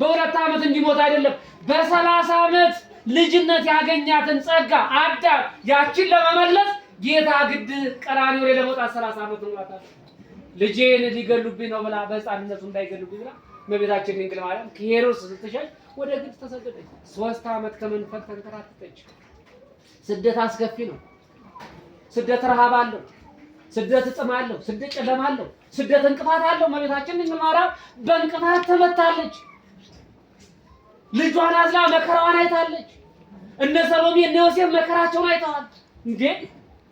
በሁለት ዓመት እንዲሞት አይደለም፣ በሰላሳ ዓመት ልጅነት ያገኛትን ጸጋ አዳ ያችን ለመመለስ ጌታ ግድ ቀራንዮ ላይ ለመውጣት ሰላሳ ዓመት ሞታል። ልጄን ሊገሉብኝ ነው ብላ በሕፃንነቱ እንዳይገሉብኝ ብላ መቤታችን ድንግል ማርያም ከሄሮድስ ስትሸሽ ወደ ግብፅ ተሰደደች። ሶስት ዓመት ከመንፈቅ ተንከራተተች። ስደት አስከፊ ነው። ስደት ረሃብ አለው። ስደት ጥም አለው። ስደት ጨለማ አለው። ስደት እንቅፋት አለው። መቤታችን ድንግል ማርያም በእንቅፋት ተመታለች። ልጇን አዝላ መከራዋን አይታለች። እነ ሰሎሜ እነ ዮሴፍ መከራቸውን አይተዋል። እንዴ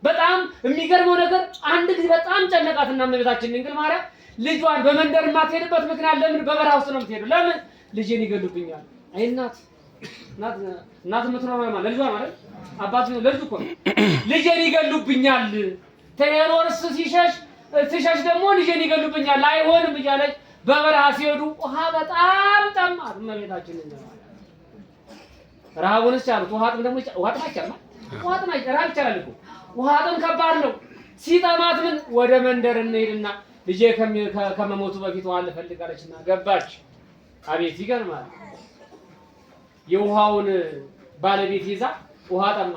በጣም የሚገርመው ነገር አንድ ጊዜ በጣም ጨነቃትና እመቤታችን ድንግል ማርያም ልጇን በመንደር የማትሄድበት ምክንያት ለምን በበረሃ ውስጥ ነው የምትሄዱ? ለምን ልጄን ይገሉብኛል። አይ እናት እናት እናት የምትኖረው ማለት ለልጇ ማለት አባት ለልጁ እኮ ነው። ልጄን ይገሉብኛል፣ ቴሮርስ ሲሸሽ ሲሸሽ ደግሞ ልጄን ይገሉብኛል፣ አይሆንም እያለች በበረሃ ሲሄዱ ውሃ በጣም ጠማት እመቤታችን ረሃቡንስ ቻሉት። ውሃ ጥም ደግሞ ውሃ ጥም አይቻልም። ውሃ ጥም ረሃብ ይቻላል እኮ ውሃ ጥም ከባድ ነው። ሲጠማት ምን ወደ መንደር እንሄድና ልጄ ከመሞቱ በፊት ውሃ ልፈልጋለችና ገባች። አቤት ይገርማል። የውሃውን ባለቤት ይዛ ውሃ ጠማ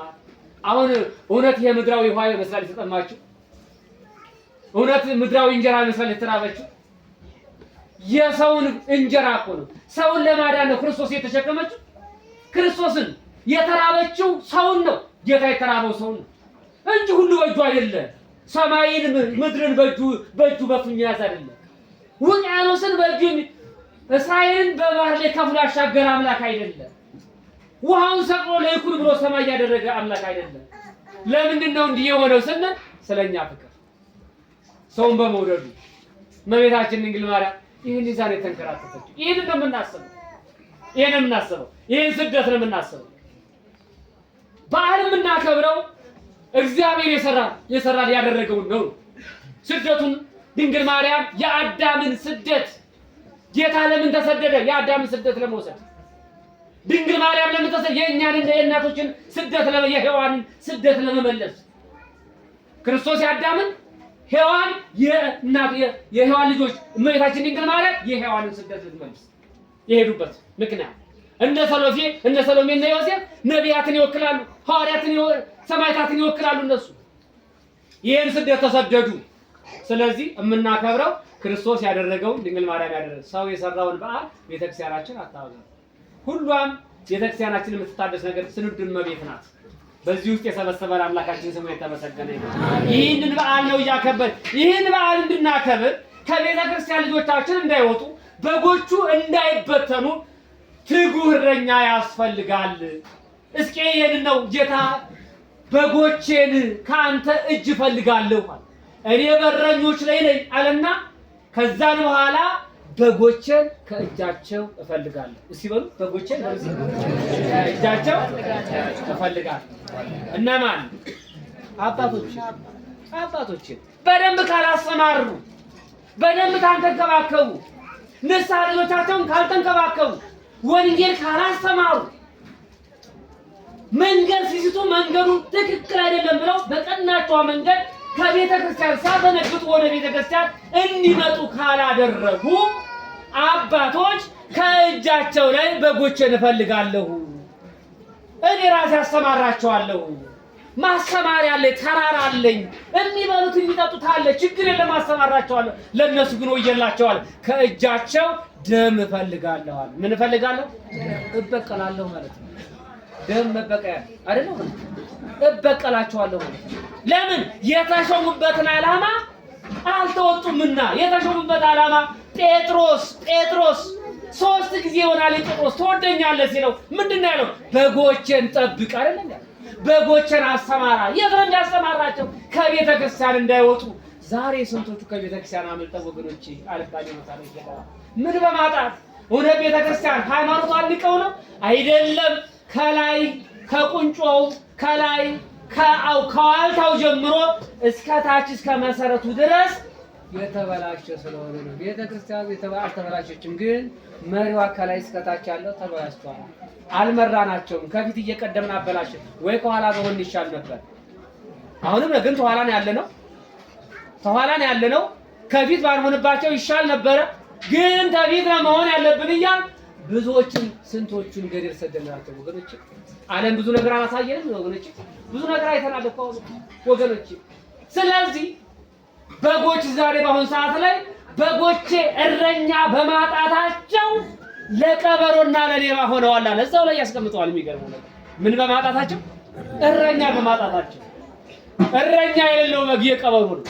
አሁን እውነት የምድራዊ ውሃ ይመስላል የተጠማችው? እውነት ምድራዊ እንጀራ ይመስላል የተራበችው? የሰውን እንጀራ እኮ ነው። ሰውን ለማዳን ነው ክርስቶስ የተሸከመችው። ክርስቶስን የተራበችው ሰውን ነው። ጌታ የተራበው ሰውን ነው እንጂ ሁሉ በእጁ አይደለም። ሰማይን ምድርን በእጁ በእጁ በፍኝ ያዝ አይደለም። ውቅያኖስን በእጁ እስራኤልን በባህር ላይ ከፍሎ ያሻገረ አምላክ አይደለም። ውሃውን ሰቅሎ ለይኩን ብሎ ሰማይ ያደረገ አምላክ አይደለም። ለምንድን ነው እንዲህ የሆነው ስንል ስለኛ ፍቅር ሰውን በመውደዱ እመቤታችን ድንግል ማርያም ይህን ይዛን የተንከራተተችው ይህን እንደምናስበው ይሄን የምናስበው ይሄን ስደት ነው የምናስበው። በዓል የምናከብረው እግዚአብሔር የሰራ የሰራ ያደረገውን ነው። ስደቱን ድንግል ማርያም የአዳምን ስደት ጌታ ለምን ተሰደደ? የአዳምን ስደት ለመውሰድ ድንግል ማርያም ለምን ተሰደደ? የእኛን የእናቶችን ስደት የሔዋንን ስደት ለመመለስ ክርስቶስ የአዳምን ሔዋን የእናት የሔዋን ልጆች እመቤታችን ድንግል ማርያም የሔዋንን ስደት ልትመልስ የሄዱበት ምክንያት እነ ሰሎፌ እነ ሰሎሜ እነ ዮሴፍ ነቢያትን ይወክላሉ፣ ሐዋርያትን ሰማዕታትን ይወክላሉ። እነሱ ይህን ስደት ተሰደዱ። ስለዚህ የምናከብረው ክርስቶስ ያደረገውን ድንግል ማርያም ያደረገ ሰው የሰራውን በዓል ቤተክርስቲያናችን አታወዛም። ሁሏም ቤተክርስቲያናችን የምትታደስ ነገር ስንዱ እመቤት ናት። በዚህ ውስጥ የሰበሰበን አምላካችን ስሙ የተመሰገነ ይህንን በዓል ነው እያከበር ይህን በዓል እንድናከብር ከቤተ ክርስቲያን ልጆቻችን እንዳይወጡ በጎቹ እንዳይበተኑ ትጉህ እረኛ ያስፈልጋል። እስቄ ይሄንን ነው ጌታ በጎቼን ከአንተ እጅ እፈልጋለሁ እኔ በረኞች ላይ ነኝ አለና ከዛን በኋላ በጎቼን ከእጃቸው እፈልጋለሁ። እስቲ በሉ በጎቼን ከእጃቸው እፈልጋለሁ። እነማን አባቶች አባቶችን በደንብ ካላሰማሩ በደንብ ካልተንከባከቡ፣ ንስሐ ልጆቻቸውን ካልተንከባከቡ፣ ወንጌል ካላስተማሩ፣ መንገድ ሲስቱ መንገዱ ትክክል አይደለም ብለው በቀናቸው መንገድ ከቤተ ክርስቲያን ሳፈነግጡ ወደ ቤተ ክርስቲያን እንዲመጡ ካላደረጉ አባቶች ከእጃቸው ላይ በጎቼ እፈልጋለሁ፣ እኔ ራሴ አስተማራቸዋለሁ ማሰማሪያ አለኝ፣ ተራራ አለኝ፣ የሚበሉት የሚጠጡት አለ፣ ችግር የለም፣ አሰማራቸዋለሁ። ለእነሱ ግን ወየላቸዋል። ከእጃቸው ደም እፈልጋለሁ አለ። ምን እፈልጋለሁ? እበቀላለሁ ማለት ነው። ደም መበቀያ አይደለም፣ እበቀላቸዋለሁ ማለት ነው። ለምን? የተሾሙበትን ዓላማ አልተወጡምና። የተሾሙበት ዓላማ ጴጥሮስ ጴጥሮስ ሶስት ጊዜ ይሆናል ጴጥሮስ ትወደኛለህ ሲለው ምንድን ነው ያለው? በጎቼን ጠብቅ አይደል? በጎችን አሰማራ። የት ያሰማራቸው? ከቤተ ክርስቲያን እንዳይወጡ። ዛሬ ስንቶቹ ከቤተ ክርስቲያን አመልጠው ወገኖቼ አልባሌ ቦታ ምን በማጣት እውነት ቤተ ክርስቲያን ሃይማኖት አልቀው ነው አይደለም። ከላይ ከቁንጮው ከላይ ከዋልታው ጀምሮ እስከ ታች እስከ መሰረቱ ድረስ የተበላሸ ስለሆነ ነው። ቤተ ክርስቲያኑ አልተበላሸችም፣ ግን መሪዋ ከላይ እስከታች ያለው ተበላሽቷል። አልመራናቸውም። ከፊት እየቀደምን አበላሽ ወይ ከኋላ በሆን ይሻል ነበር። አሁንም ግን ተኋላ ነው ያለ ነው። ተኋላ ነው ያለ ነው። ከፊት ባልሆንባቸው ይሻል ነበረ። ግን ከፊት ነው መሆን ያለብን እያል ብዙዎችን ስንቶቹን ገደል ሰደናቸው ወገኖች። ዓለም ብዙ ነገር አላሳየንም ወገኖች። ብዙ ነገር አይተናል እኮ ወገኖች። ስለዚህ በጎች ዛሬ በአሁኑ ሰዓት ላይ በጎቼ እረኛ በማጣታቸው ለቀበሮና ለሌባ ሆነዋል አለ። እዛው ላይ ያስቀምጠዋል። የሚገርመው ነገር ምን በማጣታቸው እረኛ በማጣታቸው እረኛ የሌለው በግ የቀበሩ ነው።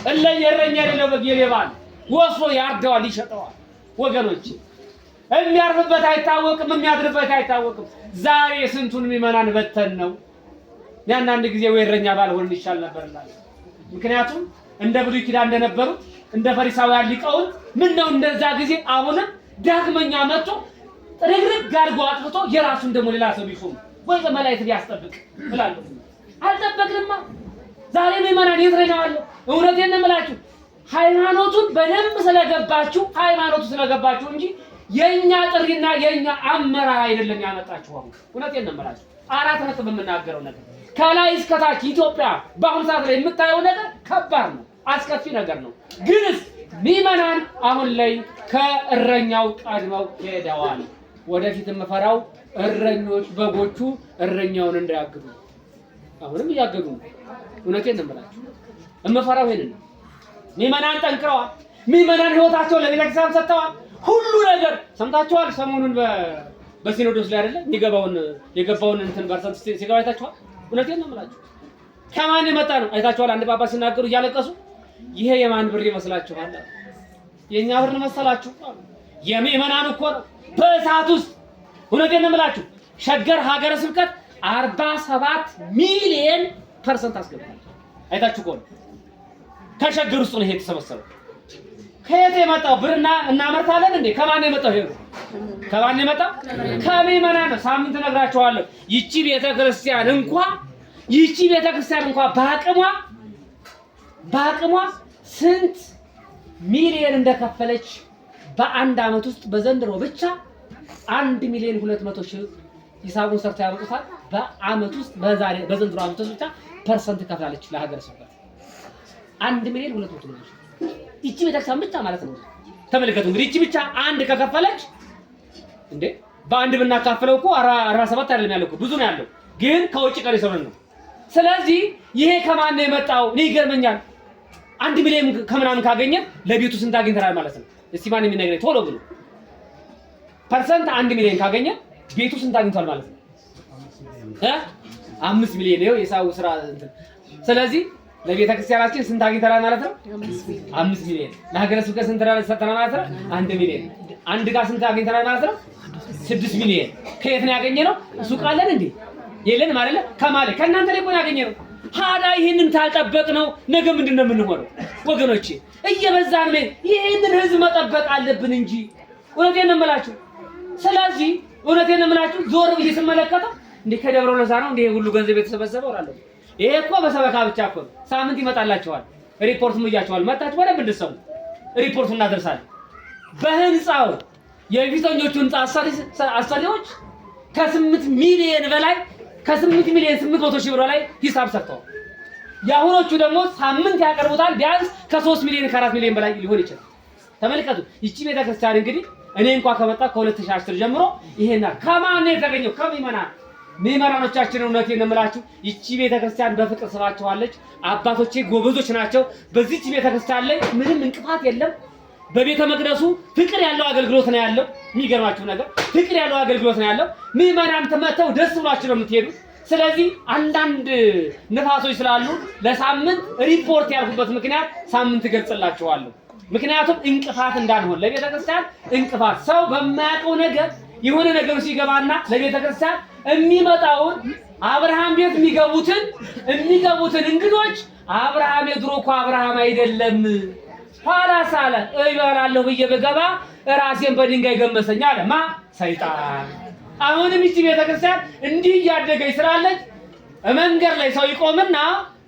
እረኛ የሌለው በግ የሌባ ነው። ወስዶ ያርደዋል፣ ይሸጠዋል። ወገኖች የሚያርፍበት አይታወቅም፣ የሚያድርበት አይታወቅም። ዛሬ ስንቱን የሚመናን በተን ነው። ያንዳንድ ጊዜ ወይ እረኛ ባልሆን ይሻል ነበር። ምክንያቱም እንደ ብሉይ ኪዳን እንደነበሩት እንደ ፈሪሳውያን ሊቃውንት ምን ነው እንደዛ ጊዜ አሁን ዳግመኛ መጥቶ ጥርግርግ አድርጎ አጥፍቶ የራሱን ደግሞ ሌላ ሰው ቢሾም ወይ መላእክት ቢያስጠብቅ እላለሁ። አልጠበቅንማ። ዛሬ ምዕመናን የት ነው ያለው? እውነቴን እውነት የነምላችሁ ሃይማኖቱን በደንብ ስለገባችሁ ሃይማኖቱ ስለገባችሁ እንጂ የኛ ጥሪና የኛ አመራር አይደለም ያመጣችሁ። አሁን እውነት የነምላችሁ አራት ነጥብ የምናገረው ነገር ከላይ እስከታች ኢትዮጵያ በአሁኑ ሰዓት ላይ የምታየው ነገር ከባድ ነው፣ አስከፊ ነገር ነው። ግንስ ሚመናን አሁን ላይ ከእረኛው ቀድመው ሄደዋል። ወደፊት የምፈራው እረኞች በጎቹ እረኛውን እንዳያግዱ፣ አሁንም እያገዱ ነው። እውነቴን እንምላችሁ የምፈራው ይሄንን ነው። ሚመናን ጠንክረዋል። ሚመናን ህይወታቸውን ለቤተክርስቲያን ሰጥተዋል። ሁሉ ነገር ሰምታችኋል። ሰሞኑን በሲኖዶስ ላይ አይደለ የሚገባውን የገባውን እንትን በርሰንት ሲገባ አይታችኋል። እውነቴን ነው የምላችሁ። ከማን የመጣ ነው? አይታችኋል። አንድ ጳጳስ ሲናገሩ እያለቀሱ ይሄ የማን ብር ይመስላችኋል? የእኛ ብር መሰላችሁ? የምዕመናን እኮ ነው። በእሳት ውስጥ እውነቴን ነው የምላችሁ። ሸገር ሀገረ ስብከት 47 ሚሊየን ፐርሰንት አስገብታለች። አይታችሁ ከሆነ ከሸገር ውስጥ ነው ይሄ የተሰበሰበው። ከየት የመጣው ብርና እናመርታለን እንዴ? ከማን የመጣው ይሄ? ከማን የመጣው? ከምዕመና ነው። ሳምንት እነግራቸዋለሁ። ይቺ ቤተ ክርስቲያን እንኳ ይቺ ቤተ ክርስቲያን እንኳ በአቅሟ በአቅሟ ስንት ሚሊየን እንደከፈለች በአንድ አመት ውስጥ በዘንድሮ ብቻ አንድ ሚሊዮን ሁለት መቶ ሺህ ሂሳቡን ሰርታ ያበቁታል። በአመት ውስጥ በዛሬ በዘንድሮ አመት ውስጥ ብቻ ፐርሰንት ከፍላለች ለሀገረ ስብከት አንድ ሚሊዮን ሁለት መቶ ሺህ ይቺ ቤተክርስቲያን ብቻ ማለት ነው። ተመልከቱ እንግዲህ ይቺ ብቻ አንድ ከከፈለች እንዴ በአንድ ብናካፍለው እኮ 47 አይደለም ያለው እኮ ብዙ ነው ያለው፣ ግን ከውጭ ቀሪ ሰው ነው። ስለዚህ ይሄ ከማን ነው የመጣው? እኔ ይገርመኛል። አንድ ሚሊዮን ከምናምን ካገኘ ለቤቱ ስንት አግኝተናል ማለት ነው? እስቲ ማን የሚነግረኝ ቶሎ ብሎ ፐርሰንት አንድ ሚሊዮን ካገኘ ቤቱ ስንት አግኝቷል ማለት ነው? አምስት ሚሊዮን ነው የሳው ስራ። ስለዚህ ለቤተ ክርስቲያናችን ስንት አግኝተናል ማለት ነው? አምስት ሚሊዮን። ለሀገረ ስብከት ስንት ሰጥተናል ማለት ነው? አንድ ሚሊዮን። አንድ ጋር ስንት አግኝተናል ማለት ነው? ስድስት ሚሊዮን። ከየት ነው ያገኘ ነው? ሱቅ አለን እንዴ? የለንም አይደለ? ከማለ ከእናንተ ላይ ቆን ያገኘ ነው። ሀዳ ይህንን ታጠበቅ ነው ነገ ምንድን ነው የምንሆነው? ወገኖቼ እየበዛን ነው። ይህንን ህዝብ መጠበቅ አለብን እንጂ እውነቴን ነው የምላችሁ። ስለዚህ እውነቴን ነው የምላችሁ ዞር ብዬ ስመለከተው እንዴ ከደብረ ለዛ ነው እንዴ ሁሉ ገንዘብ የተሰበሰበው እላለሁ ይሄ እኮ በሰበካ ብቻ እኮ ሳምንት ይመጣላችኋል። ሪፖርት ምያችኋል። መጣችሁ በደንብ እንድትሰሙ ሪፖርቱን እናደርሳለን። በህንፃው የፊተኞቹ ህንፃ አሰሪዎች ከስምንት ሚሊዮን በላይ ከስምንት ሚሊዮን ስምንት መቶ ሺህ ብር ላይ ሂሳብ ሰጥተዋል። የአሁኖቹ ደግሞ ሳምንት ያቀርቡታል። ቢያንስ ከሶስት ሚሊዮን ከአራት ሚሊዮን በላይ ሊሆን ይችላል። ተመልከቱ። ይቺ ቤተክርስቲያን እንግዲህ እኔ እንኳ ከመጣ ከሁለት 2010 ጀምሮ ይሄና ከማን ነው የተገኘው? ከምዕመናን ምዕመናኖቻችን እውነቴን እምላችሁ ይቺ ቤተክርስቲያን በፍቅር ስባችኋለች። አባቶቼ ጎበዞች ናቸው። በዚች ቤተክርስቲያን ላይ ምንም እንቅፋት የለም። በቤተ መቅደሱ ፍቅር ያለው አገልግሎት ነው ያለው። የሚገርማችሁ ነገር ፍቅር ያለው አገልግሎት ነው ያለው። ምዕመናን ተመተው ደስ ብሏችሁ ነው የምትሄዱት። ስለዚህ አንዳንድ ንፋሶች ስላሉ ለሳምንት ሪፖርት ያልኩበት ምክንያት ሳምንት እገልጽላችኋለሁ። ምክንያቱም እንቅፋት ለቤተ ክርስቲያን እንቅፋት ሰው በማያውቀው ነገር የሆነ ነገር ሲገባና ለቤተ ክርስቲያን የሚመጣውን አብርሃም ቤት የሚገቡትን የሚገቡትን እንግዶች አብርሃም የድሮ እኮ አብርሃም አይደለም ኋላ ሳለ እበላለሁ ብዬ ብገባ ራሴን በድንጋይ ገመሰኛ አለማ ሰይጣን። አሁንም እቺ ቤተክርስቲያን እንዲህ እያደገች ስላለች መንገድ ላይ ሰው ይቆምና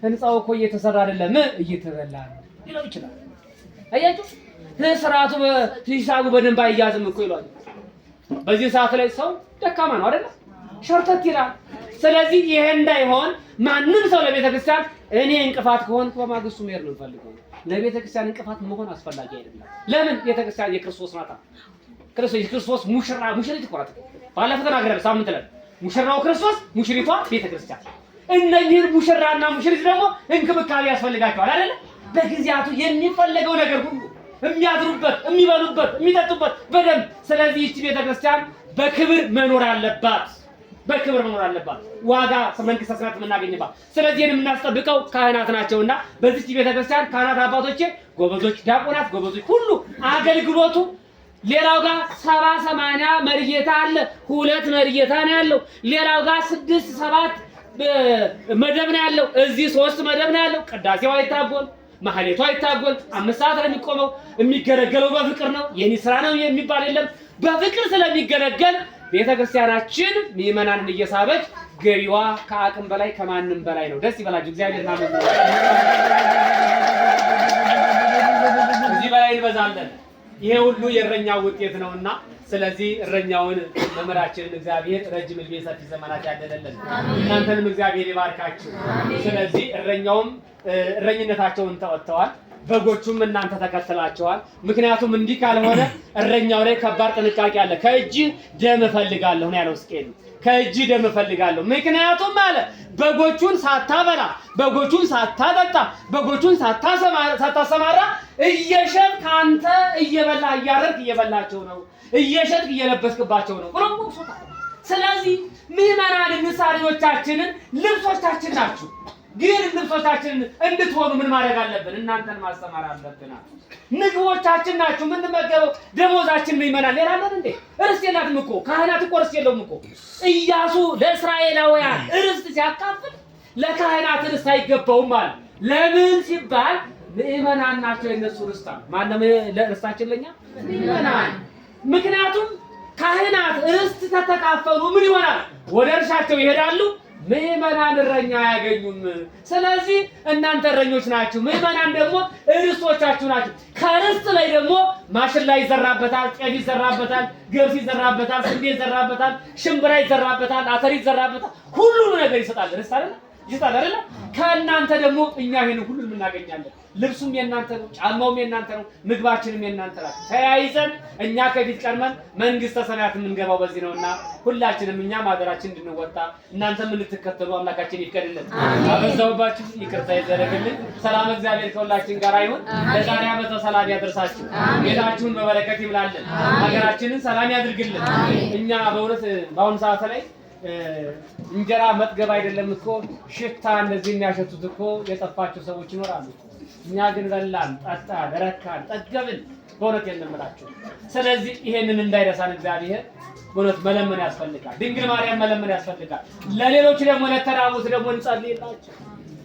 ህንፃው እኮ እየተሰራ አይደለም እየተበላ ነው ይለው ይችላል። አያችሁ ስርዓቱ ሂሳቡ በደንብ አያዝም እኮ ይሏል። በዚህ ሰዓት ላይ ሰው ደካማ ነው አይደል? ሸርተት ይላል። ስለዚህ ይሄ እንዳይሆን ማንም ሰው ለቤተ ክርስቲያን እኔ እንቅፋት ከሆንኩ በማግስቱ መሄድ ነው የምፈልገው። ለቤተ ክርስቲያን እንቅፋት መሆን አስፈላጊ አይደለም። ለምን? ቤተ ክርስቲያን የክርስቶስ ናታ። ክርስቶስ የክርስቶስ ሙሽራ ሙሽሪት እኮ ባለፈው ተናግረን ሳምንት ሙሽራው ክርስቶስ፣ ሙሽሪቷ ቤተ ክርስቲያን። እነኚህን ሙሽራና ሙሽሪት ደግሞ እንክብካቤ ያስፈልጋቸዋል አይደል? በጊዜያቱ የሚፈለገው ነገር ሁሉ የሚያድሩበት፣ የሚበሉበት፣ የሚጠጡበት በደንብ። ስለዚህ ይህች ቤተክርስቲያን በክብር መኖር አለባት፣ በክብር መኖር አለባት። ዋጋ መንግስተ ሰማያት የምናገኝባት። ስለዚህ የምናስጠብቀው ካህናት ናቸውና በዚች ቤተክርስቲያን ካህናት አባቶቼ፣ ጎበዞች፣ ዲያቆናት፣ ጎበዞች ሁሉ አገልግሎቱ ሌላው ጋር ሰባ ሰማንያ መርጌታ አለ። ሁለት መርጌታ ነው ያለው። ሌላው ጋር ስድስት ሰባት መደብ ነው ያለው። እዚህ ሶስት መደብ ነው ያለው። ቅዳሴው አይታጎል ማህሌቱ አይታጎል። አምስት ሰዓት ነው የሚቆመው። የሚገለገለው በፍቅር ነው። የኔ ስራ ነው የሚባል የለም። በፍቅር ስለሚገለገል ቤተክርስቲያናችን ምእመናንን እየሳበች ገቢዋ ከአቅም በላይ ከማንም በላይ ነው። ደስ ይበላችሁ። እግዚአብሔር ናመዝ እዚህ በላይ እንበዛለን። ይሄ ሁሉ የእረኛ ውጤት ነውና ስለዚህ እረኛውን መምህራችንን እግዚአብሔር ረጅም እድሜ ሰፊ ዘመናት ያደለለን፣ እናንተንም እግዚአብሔር ይባርካችሁ። ስለዚህ እረኛውም እረኝነታቸውን ተወጥተዋል። በጎቹም እናንተ ተከትላቸዋል። ምክንያቱም እንዲህ ካልሆነ እረኛው ላይ ከባድ ጥንቃቄ አለ። ከእጅ ደም እፈልጋለሁ ነው ያለው ሕዝቅኤል። ከእጅ ደም እፈልጋለሁ ምክንያቱም አለ በጎቹን ሳታበላ፣ በጎቹን ሳታጠጣ፣ በጎቹን ሳታሰማራ እየሸጥክ አንተ እየበላ እያረድክ እየበላቸው ነው እየሸጥክ እየለበስክባቸው ነው ብሎ ስለዚህ ምዕመናን ምሳሌዎቻችንን ልብሶቻችን ናችሁ። ግን ልብሶቻችን እንድትሆኑ ምን ማድረግ አለብን? እናንተን ማስተማር አለብን። ምግቦቻችን ናችሁ የምንመገበው፣ ደሞዛችን ይመናል። ሌላ ምን እንዴ? ርስት የላትም እኮ ካህናት እኮ ርስት የለውም እኮ። እያሱ ለእስራኤላውያን እርስት ሲያካፍል ለካህናት ርስት አይገባውም አለ። ለምን ሲባል ምእመናን ናቸው የነሱ ርስታ። ማነው ለእርስታችን? ለኛ ምእመናን። ምክንያቱም ካህናት ርስት ተተካፈሉ ምን ይሆናል? ወደ እርሻቸው ይሄዳሉ ምእመናን እረኛ አያገኙም። ስለዚህ እናንተ እረኞች ናችሁ፣ ምእመናን ደግሞ እርስቶቻችሁ ናችሁ። ከርስት ላይ ደግሞ ማሽላ ይዘራበታል፣ ጤፍ ይዘራበታል፣ ገብስ ይዘራበታል፣ ስንዴ ይዘራበታል፣ ሽምብራ ይዘራበታል፣ አተር ይዘራበታል። ሁሉም ነገር ይሰጣል። ርስት አይደል? ይሰጣል አይደለ? ከእናንተ ደግሞ እኛ ይሄን ሁሉንም እናገኛለን። ልብሱም የናንተ ነው፣ ጫማውም የናንተ ነው፣ ምግባችንም የናንተ ናት። ተያይዘን እኛ ከፊት ቀድመን መንግስተ ሰማያት የምንገባው በዚህ ነውና ሁላችንም እኛ ማደራችን እንድንወጣ እናንተም እንድትከተሉ አምላካችን ይፍቀድልን። አበዛውባችሁ ይቅርታ ይደረግልን። ሰላም እግዚአብሔር ከሁላችን ጋር ይሁን። ለዛሬ ዓመት ሰላም ያደርሳችሁ። ቤታችሁን በበረከት ይምላልን። ሀገራችንን ሰላም ያድርግልን። እኛ በእውነት በአሁኑ ሰዓት ላይ እንጀራ መጥገብ አይደለም እኮ ሽታ እንደዚህ የሚያሸቱት እኮ የጠፋቸው ሰዎች ይኖራሉ። እኛ ግን በላን፣ ጠጣን፣ ረካን፣ ጠገብን። በእውነት የንምላችሁ። ስለዚህ ይሄንን እንዳይረሳን እግዚአብሔር በእውነት መለመን ያስፈልጋል። ድንግል ማርያም መለመን ያስፈልጋል። ለሌሎች ደግሞ ለተራቡት ደግሞ እንጸልይላቸው።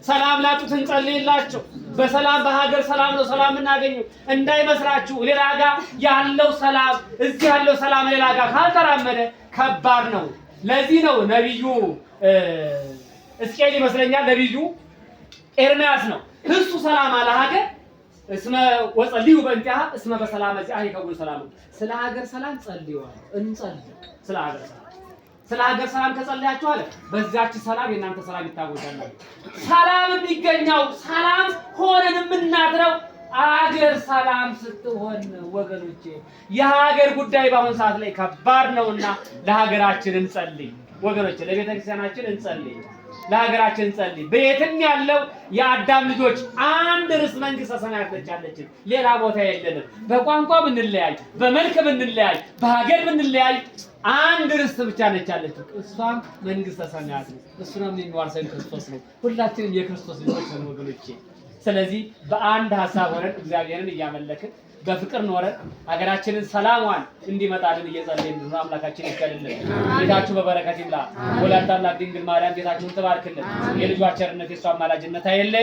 ሰላም ላጡት እንጸልይላቸው። በሰላም በሀገር ሰላም ነው ሰላም እናገኙ እንዳይመስላችሁ ሌላ ጋ ያለው ሰላም እዚህ ያለው ሰላም ሌላ ጋ ካልተራመደ ከባድ ነው። ለዚህ ነው ነቢዩ እስቄል ይመስለኛል ነቢዩ ኤርሚያስ ነው ህሱ ሰላም አለ ሀገር እስመ ወጸልዩ በእንቲአሃ እስመ በሰላም እዚአ ይከውን ሰላም። ስለ ሀገር ሰላም ጸልዩዋል። እንጸልይ ስለ ሀገር ሰላም ስለ ሀገር ሰላም ከጸለያችሁ አለ በዛች ሰላም የእናንተ ሰላም ይታወቃል። ሰላም የሚገኘው ሰላም ሆነን የምናድረው አገር ሰላም ስትሆን ወገኖቼ፣ የሀገር ጉዳይ በአሁኑ ሰዓት ላይ ከባድ ነውና ለሀገራችን እንጸልይ ወገኖቼ፣ ለቤተክርስቲያናችን እንጸልይ። ለሀገራችን እንጸልይ። በየትም ያለው የአዳም ልጆች አንድ ርስ መንግስተ ሰማያት ነቻለችን። ሌላ ቦታ የለንም። በቋንቋ ብንለያይ፣ በመልክ ብንለያይ፣ በሀገር ብንለያይ አንድ ርስት ብቻ ነች ያለችው። እሷም መንግስተ ሰማያት ነው። እሱንም የሚዋርሰን ክርስቶስ ነው። ሁላችንም የክርስቶስ ልጆች ነን ወገኖቼ። ስለዚህ በአንድ ሀሳብ ሆነን እግዚአብሔርን እያመለክን በፍቅር ኖረ ሀገራችንን ሰላሟን እንዲመጣልን እየጸለይን ብዙ አምላካችን ይከልልን። ቤታችሁ በበረከት ይምላ። ወላዲተ አምላክ ድንግል ማርያም ቤታችሁን ትባርክልን። የልጇ ቸርነት የእሷ አማላጅነት አይለ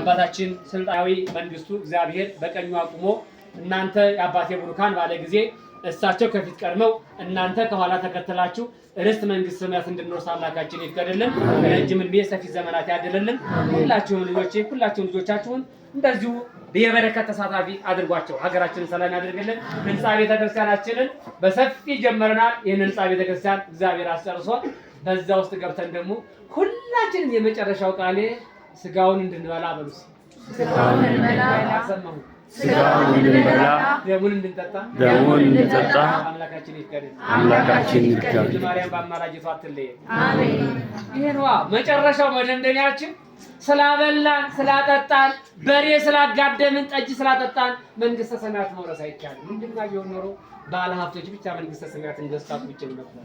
አባታችን ስልጣዊ መንግስቱ እግዚአብሔር በቀኙ አቁሞ እናንተ የአባቴ ቡሩካን ባለ ጊዜ እሳቸው ከፊት ቀድመው እናንተ ከኋላ ተከትላችሁ ርስት መንግስት ሰማያት እንድንወርስ አምላካችን ይፍቀድልን። ረጅም እድሜ ሰፊ ዘመናት ያደለልን። ሁላችሁም ልጆቼ ሁላችሁም ልጆቻችሁን እንደዚሁ የበረከት ተሳታፊ አድርጓቸው። ሀገራችንን ሰላም ያደርግልን ህንፃ ቤተክርስቲያናችንን በሰፊ ጀመረናል። ይህን ህንፃ ቤተክርስቲያን እግዚአብሔር አስጨርሶ በዛ ውስጥ ገብተን ደግሞ ሁላችንም የመጨረሻው ቃሌ ስጋውን እንድንበላ በሉስ ስጋውን እንድንበላ ደሙን እንድንጠጣ አምላካችን ይርዳል። ማርያም በአማላጅቷ አትለየን። ይህ መጨረሻው መደምደሚያችን ስላበላን ስላጠጣን በሬ ስላጋደምን ጠጅ ስላጠጣን መንግስተ ሰማያት መውረስ አይቻልም። ምንድና ቢሆን ኖሮ ባለሀብቶች ብቻ መንግስተ ሰማያትን ገዝታ ቁጭ ነበር።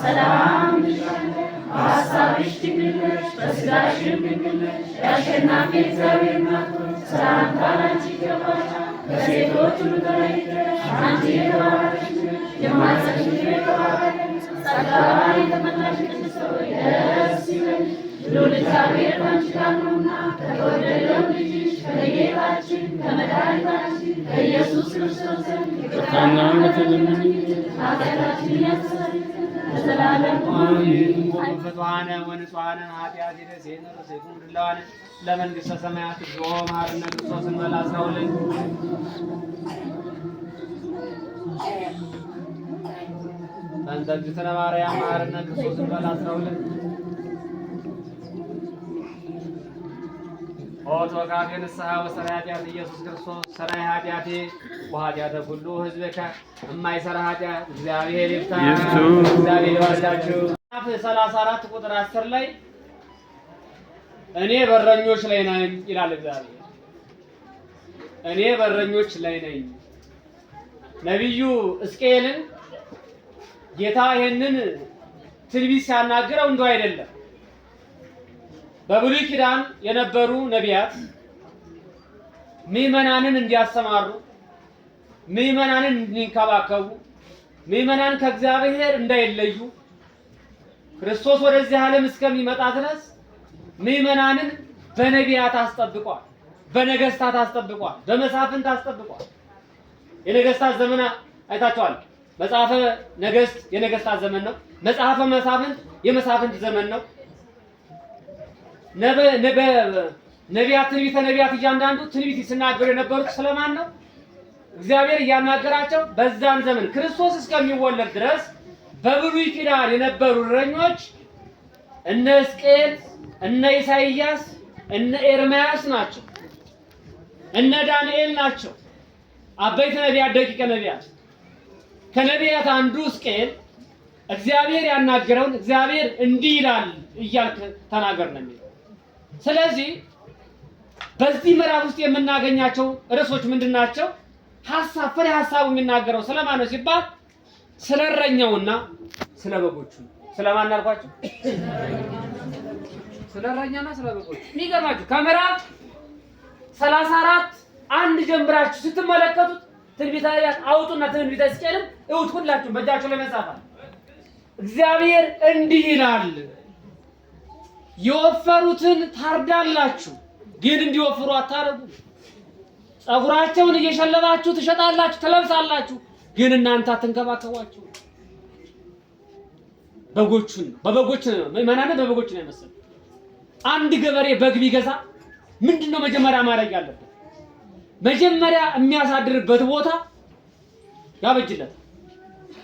ሰላም በሀሳብሽ ድንግል ነሽ፣ በሥጋሽም ድንግል ነሽ። የአሸናፊ እግዚአብሔር እናት ሰላምታ ላንቺ ይገባሻል። ከሴቶች ሁሉ ተለይተሽ አንቺ የተባረክሽ ነሽ፣ የማኅፀንሽ ፍሬ የተባረከ ነው። ጸጋን የተመላሽ ቅድስት ሆይ ደስ ይበልሽ ልዑል እግዚአብሔር አንቺ ጋር ነውና ከተወደደው ልጅሽ ከጌታችን ከመድኃኒታችን ከኢየሱስ ክርስቶስ ይቅርታና ምሕረት ኃጢአታችንን ያስተሰርይ ዘንድ ፍጡዓነ ኃጢአት የደሴነ ረሴቱ ድላዋነ ለመንግሥተ ሰማያት እግዚኦ መሐረነ ክርስቶስ እንበላሳውልን ተንዘግዝእትነ ማርያም መሐረነ ክርስቶስ እንበላሳውልን ኦቶ ካፌ ንስሐ ወሰራ ኃጢአት ኢየሱስ ክርስቶስ ሰራይ ኃጢአቴ ወኃጢአተ ኩሉ ህዝብከ እማይሰራ ኃጢአት እግዚአብሔር ይፍታ። እግዚአብሔር ይባርካችሁ። ቁጥር ላይ እኔ በረኞች ላይ ነኝ ይላል እግዚአብሔር። እኔ በረኞች ላይ ነኝ። ነቢዩ ጌታ ይህንን ትንቢት ሲያናግረው እንደው አይደለም በብሉይ ኪዳን የነበሩ ነቢያት ምዕመናንን እንዲያስተማሩ፣ ምዕመናንን እንዲንከባከቡ፣ ምዕመናን ከእግዚአብሔር እንዳይለዩ ክርስቶስ ወደዚህ ዓለም እስከሚመጣ ድረስ ምዕመናንን በነቢያት አስጠብቋል፣ በነገስታት አስጠብቋል፣ በመሳፍንት አስጠብቋል። የነገስታት ዘመን አይታቸዋል። መጽሐፈ ነገስት የነገስታት ዘመን ነው። መጽሐፈ መሳፍንት የመሳፍንት ዘመን ነው። ነቢያት ትንቢተ ነቢያት እያንዳንዱ ትንቢት ሲናገሩ የነበሩት ስለማን ነው? እግዚአብሔር እያናገራቸው በዛን ዘመን ክርስቶስ እስከሚወለድ ድረስ በብሉይ ኪዳን የነበሩ እረኞች እነ ሕዝቅኤል፣ እነ ኢሳይያስ፣ እነ ኤርምያስ ናቸው። እነ ዳንኤል ናቸው። አበይት ነቢያት፣ ደቂቀ ነቢያት። ከነቢያት አንዱ ሕዝቅኤል እግዚአብሔር ያናገረውን እግዚአብሔር እንዲህ ይላል እያልክ ተናገር ነው የሚለው ስለዚህ በዚህ ምዕራፍ ውስጥ የምናገኛቸው ርዕሶች ምንድን ናቸው? ሀሳብ ፍሬ ሀሳቡ የሚናገረው ስለማን ነው ሲባል ስለ እረኛውና ስለ በጎቹ። ስለማን አልኳቸው? ስለ እረኛና ስለ በጎቹ። የሚገርማችሁ ከምዕራፍ ሰላሳ አራት አንድ ጀምራችሁ ስትመለከቱት ትንቢተ ነቢያት አውጡና ትንቢተ ሕዝቅኤልን እውት ሁላችሁም በእጃችሁ ላይ መጻፍ እግዚአብሔር እንዲህ ይላል የወፈሩትን ታርዳላችሁ፣ ግን እንዲወፍሩ አታረጉ። ጸጉራቸውን እየሸለባችሁ ትሸጣላችሁ፣ ትለብሳላችሁ፣ ግን እናንተ አትንከባከቧቸው። በጎቹን በበጎች መናነ በበጎች ነው የመሰለው። አንድ ገበሬ በግ ቢገዛ ምንድን ነው መጀመሪያ ማድረግ ያለበት? መጀመሪያ የሚያሳድርበት ቦታ ያበጅለታል።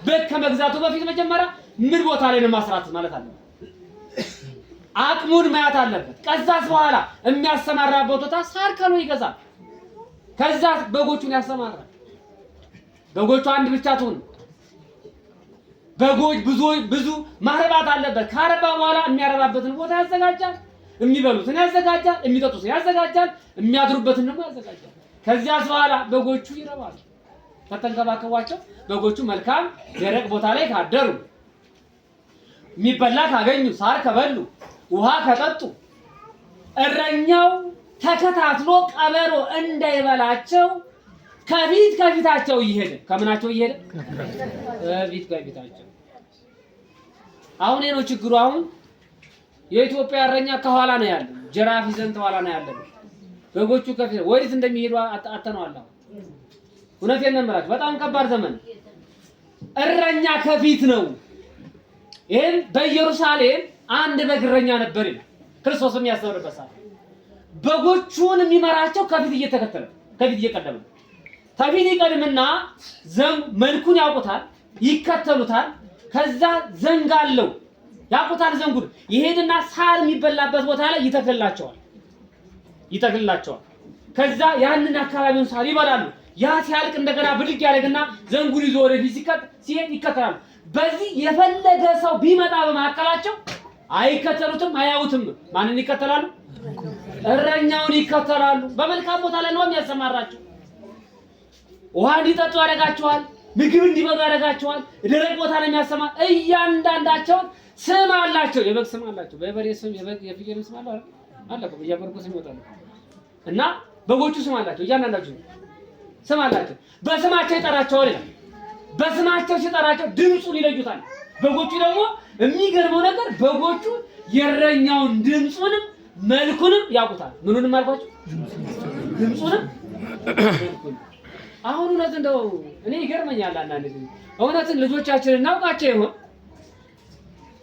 በግ ከመግዛቱ በፊት መጀመሪያ ምን ቦታ ላይ ነው ማስራት ማለት አለ አቅሙን ማያት አለበት። ከዛስ በኋላ የሚያሰማራበት ቦታ ሳር ይገዛል። ከዛ በጎቹን ያሰማራ። በጎቹ አንድ ብቻ ትሁን በጎች ብዙ ብዙ ማረባት አለበት። ካረባ በኋላ የሚያረባበትን ቦታ ያዘጋጃል። የሚበሉትን ያዘጋጃል። የሚጠጡትን ያዘጋጃል። የሚያድሩበትን ደግሞ ያዘጋጃል። ከዚያስ በኋላ በጎቹ ይረባሉ። ከተንከባከቧቸው በጎቹ መልካም ደረቅ ቦታ ላይ ካደሩ የሚበላ ካገኙ ሳር ከበሉ ውሃ ከጠጡ እረኛው ተከታትሎ ቀበሮ እንዳይበላቸው ከፊት ከፊታቸው እየሄደ ከምናቸው እየሄደ ከፊት ከፊታቸው። አሁን ነው ችግሩ። አሁን የኢትዮጵያ እረኛ ከኋላ ነው ያለ፣ ጅራፍ ይዘን ተኋላ ነው ያለ። በጎቹ ከፊት ወዴት እንደሚሄዱ አተነዋል። እውነቴን ነው የምላችሁ፣ በጣም ከባድ ዘመን። እረኛ ከፊት ነው። ይሄን በኢየሩሳሌም አንድ በግ እረኛ ነበር ይላል። ክርስቶስ የሚያስተምርበት ሰዓት በጎቹን የሚመራቸው ከፊት እየተከተለ ከፊት እየቀደመ ከፊት ይቀድምና ዘንግ መልኩን ያውቁታል፣ ይከተሉታል። ከዛ ዘንግ አለው ያውቁታል። ዘንጉን ይሄድና ሳር የሚበላበት ቦታ ላይ ይተክልላቸዋል ይተክልላቸዋል። ከዛ ያንን አካባቢውን ሳር ይበላሉ። ያ ሲያልቅ እንደገና ብድግ ያደርግና ዘንጉን ይዞ ወደፊት ሲቀጥ ሲሄድ ይከተላሉ። በዚህ የፈለገ ሰው ቢመጣ በመካከላቸው አይከተሉትም፣ አያዩትም። ማንን ይከተላሉ? እረኛውን ይከተላሉ። በመልካም ቦታ ላይ ነው የሚያሰማራቸው። ውሃ እንዲጠጡ ያደርጋቸዋል። ምግብ እንዲበሉ ያደርጋቸዋል። ደረቅ ቦታ ላይ የሚያሰማ እያንዳንዳቸውን ስም አላቸው። የበግ ስም አላቸው። በበሬ ስም፣ የፍየል ስም አለ አለ በየበርቁ ስም ይወጣሉ እና በጎቹ ስም አላቸው። እያንዳንዳቸው ስም አላቸው። በስማቸው ይጠራቸዋል ይላል። በስማቸው ሲጠራቸው ድምፁን ይለዩታል። በጎቹ ደግሞ የሚገርመው ነገር በጎቹ የእረኛውን ድምፁንም መልኩንም ያውቁታል። ምኑንም አልኳቸው ድምፁንም አሁን እውነት እንደው እኔ ይገርመኛል አንዳንድ እውነትን ልጆቻችን እናውቃቸው ይሆን?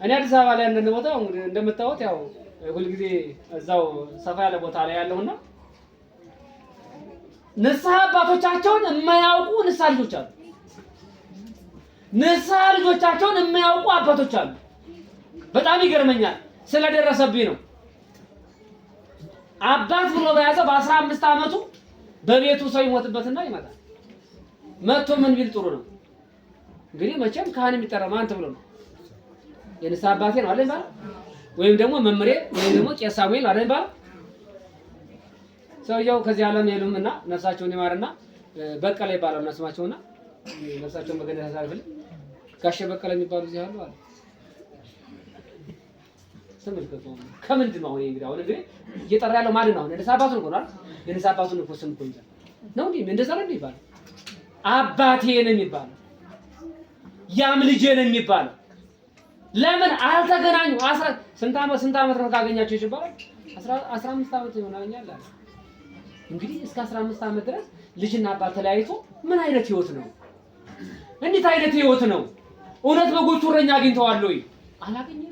እኔ አዲስ አበባ ላይ አንዳንድ ቦታ እንደምታወት ያው ሁልጊዜ እዛው ሰፋ ያለ ቦታ ላይ ያለውና ንስሐ አባቶቻቸውን የማያውቁ ንስሐ ልጆች አሉ። ንስሐ ልጆቻቸውን የሚያውቁ አባቶች አሉ። በጣም ይገርመኛል። ስለደረሰብኝ ነው። አባት ብሎ በያዘ በአስራ አምስት ዓመቱ በቤቱ ሰው ይሞትበትና ይመጣል። መጥቶ ምን ቢል ጥሩ ነው እንግዲህ መቼም ካህን የሚጠራ ማን ተብሎ ነው? የንስሐ አባቴ ነው አለ ይባላል። ወይም ደግሞ መምሬ ወይም ደግሞ ቄስ ሳሙኤል አለ ይባላል። ሰውየው ከዚህ ዓለም የሉምና ነፍሳቸውን ይማርና በቀለ ይባላል ስማቸውና ነፍሳቸውን በገነት ያሳርፍልን። ጋሼ በቀለ የሚባሉ እዚህ አሉ አለ። ተመልከቱ። ከምንድን ነው አሁን እንግዲህ አሁን እንግዲህ እየጠራ ያለው ማን ነው? አሁን የነፍስ አባቱን ነው አይደል? የነፍስ አባቱን እኮ ስም እኮ ይዘን ነው እንዴ? እንደዛ ነው የሚባለው። አባቴ ነው የሚባለው። ያም ልጄ ነው የሚባለው። ለምን አልተገናኙ? አስራ ስንት ዓመት ስንት ዓመት ነው ካገኛቸው ይባላል? 15 አምስት ዓመት ይሆናኛል እንግዲህ እስከ 15 አምስት ዓመት ድረስ ልጅና አባት ተለያይቶ ምን አይነት ህይወት ነው? እንዴት አይነት ህይወት ነው? እውነት በጎቹ እረኛ አግኝተዋል ወይ? አላገኘም።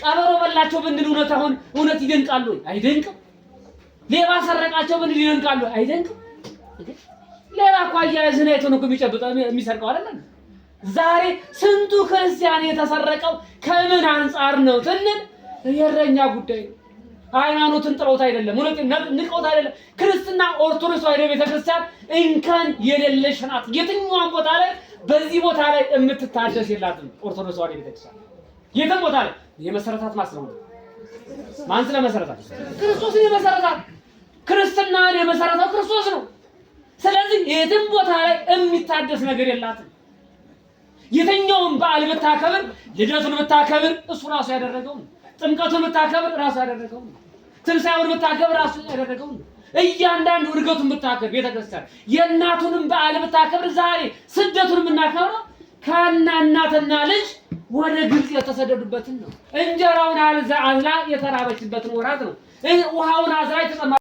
ቀበሮ በላቸው ብንል እውነት አሁን እውነት ይደንቃሉ ወይ? አይደንቅም። ሌባ ሰረቃቸው ብንል ይደንቃሉ ወይ? አይደንቅም። ሌባ እኮ አያያዝህን አይቶ ነው የሚጨብጠው የሚሰርቀው አይደለም። ዛሬ ስንቱ ክርስቲያን የተሰረቀው ከምን አንጻር ነው ትንል የእረኛ ጉዳይ ነው። ሃይማኖትን ጥለውት አይደለም፣ እውነት ንቆት አይደለም። ክርስትና ኦርቶዶክስ ተዋሕዶ ቤተክርስቲያን እንከን የሌለሽ ናት። የትኛውም ቦታ ላይ በዚህ ቦታ ላይ የምትታደስ የላትም። ኦርቶዶክስ ተዋሕዶ ቤተክርስቲያን የትም ቦታ ላይ የመሰረታት ማስለሙ ማን ስለመሰረታት ክርስቶስን የመሰረታት ክርስትናን የመሰረታው ክርስቶስ ነው። ስለዚህ የትም ቦታ ላይ የሚታደስ ነገር የላትም። የትኛውም በዓል ብታከብር፣ ልደቱን ብታከብር እሱ ራሱ ያደረገው ነው። ጥምቀቱን ብታከብር ራሱ ያደረገው ነው። ትንሣኤውን ብታከብር ራሱ ያደረገው ነው። እያንዳንዱ እርገቱን ብታከብር ቤተክርስቲያን የእናቱንም በዓል ብታከብር፣ ዛሬ ስደቱን የምናከብረው ከና እናትና ልጅ ወደ ግብፅ የተሰደዱበትን ነው። እንጀራውን አልዛ አዝላ የተራበችበትን ወራት ነው። ውሃውን አዝራ የተጠማ